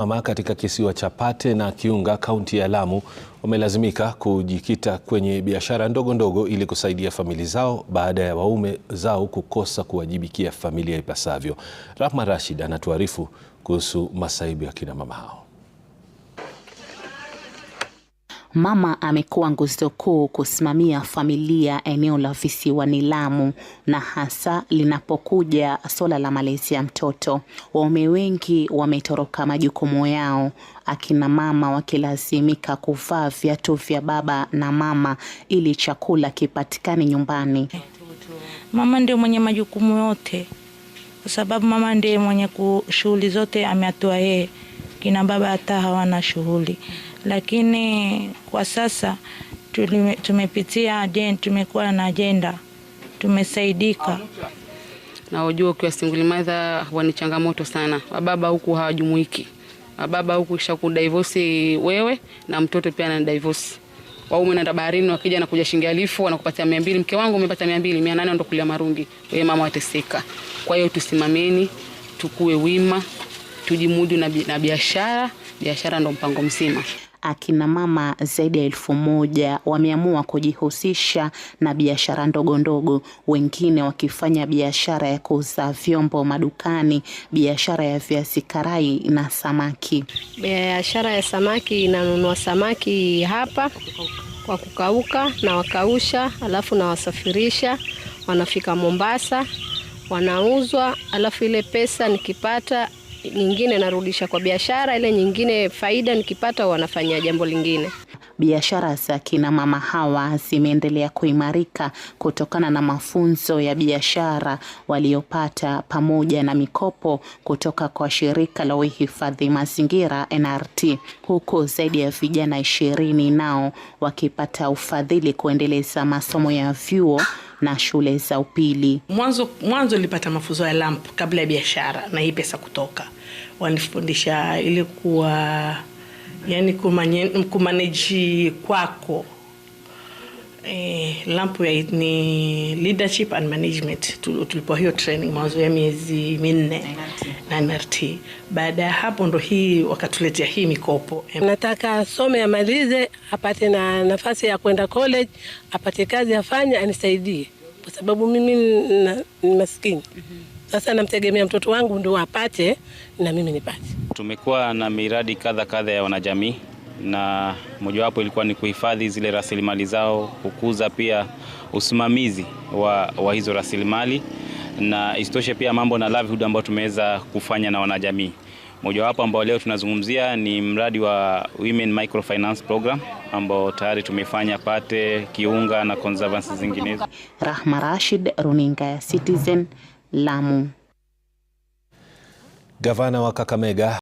Mama katika kisiwa cha Pate na Kiunga kaunti ya Lamu wamelazimika kujikita kwenye biashara ndogo ndogo ili kusaidia famili zao baada ya waume zao kukosa kuwajibikia familia ipasavyo. Rahma Rashid anatuarifu kuhusu masaibu ya kina mama hao. Mama amekuwa nguzo kuu kusimamia familia eneo la visiwani Lamu, na hasa linapokuja suala la malezi ya mtoto. Waume wengi wametoroka majukumu yao, akina mama wakilazimika kuvaa viatu vya baba na mama ili chakula kipatikane nyumbani. Mama ndio mwenye majukumu yote, kwa sababu mama ndiye mwenye shughuli zote ameatua yeye. Kina baba hata hawana shughuli lakini kwa sasa tulime, tumepitia ajenda, tumekuwa na ajenda, tumesaidika. Na ujua ukiwa single mother huwa ni changamoto sana, wababa huku hawajumuiki, wababa huku kisha kudivorce wewe na mtoto pia ana divorce waume naenda baharini, wakija na kuja shilingi elfu wanakupatia mia mbili. Mke wangu umepata mia mbili, mia nane ndo kulia marungi, wewe mama wateseka. Kwa hiyo tusimameni, tukue wima, tujimudu na biashara. Biashara ndo mpango mzima akina mama zaidi ya elfu moja wameamua kujihusisha na biashara ndogo ndogo, wengine wakifanya biashara ya kuuza vyombo madukani, biashara ya viazi karai na samaki. Biashara ya samaki, inanunua samaki hapa kwa kukauka na wakausha, alafu nawasafirisha wanafika Mombasa wanauzwa, alafu ile pesa nikipata nyingine narudisha kwa biashara, ile nyingine faida nikipata wanafanya jambo lingine. Biashara za kina mama hawa zimeendelea kuimarika kutokana na mafunzo ya biashara waliopata pamoja na mikopo kutoka kwa shirika la uhifadhi mazingira NRT, huku zaidi ya vijana ishirini nao wakipata ufadhili kuendeleza masomo ya vyuo na shule za upili. Mwanzo mwanzo nilipata mafunzo ya LAMP kabla ya biashara na hii pesa kutoka, wanifundisha ilikuwa yani kumanage kwako Eh, lampu ya ni leadership and management. Tulipo hiyo training mawazo ya miezi minne na NRT. Baada ya hapo ndo hii wakatuletea hii mikopo. Nataka asome amalize, apate na nafasi ya kwenda college, apate kazi afanye, anisaidie kwa sababu mimi ni maskini. Sasa namtegemea mtoto wangu ndo apate na mimi nipate. Tumekuwa na miradi kadha kadha ya wanajamii na mojawapo ilikuwa ni kuhifadhi zile rasilimali zao, kukuza pia usimamizi wa, wa hizo rasilimali na isitoshe pia mambo na livelihood ambayo tumeweza kufanya na wanajamii. Mojawapo ambao leo tunazungumzia ni mradi wa Women Microfinance Program ambao tayari tumefanya Pate, Kiunga na conservancy zinginezo. Rahma Rashid, Runinga ya Citizen, Lamu. Gavana wa Kakamega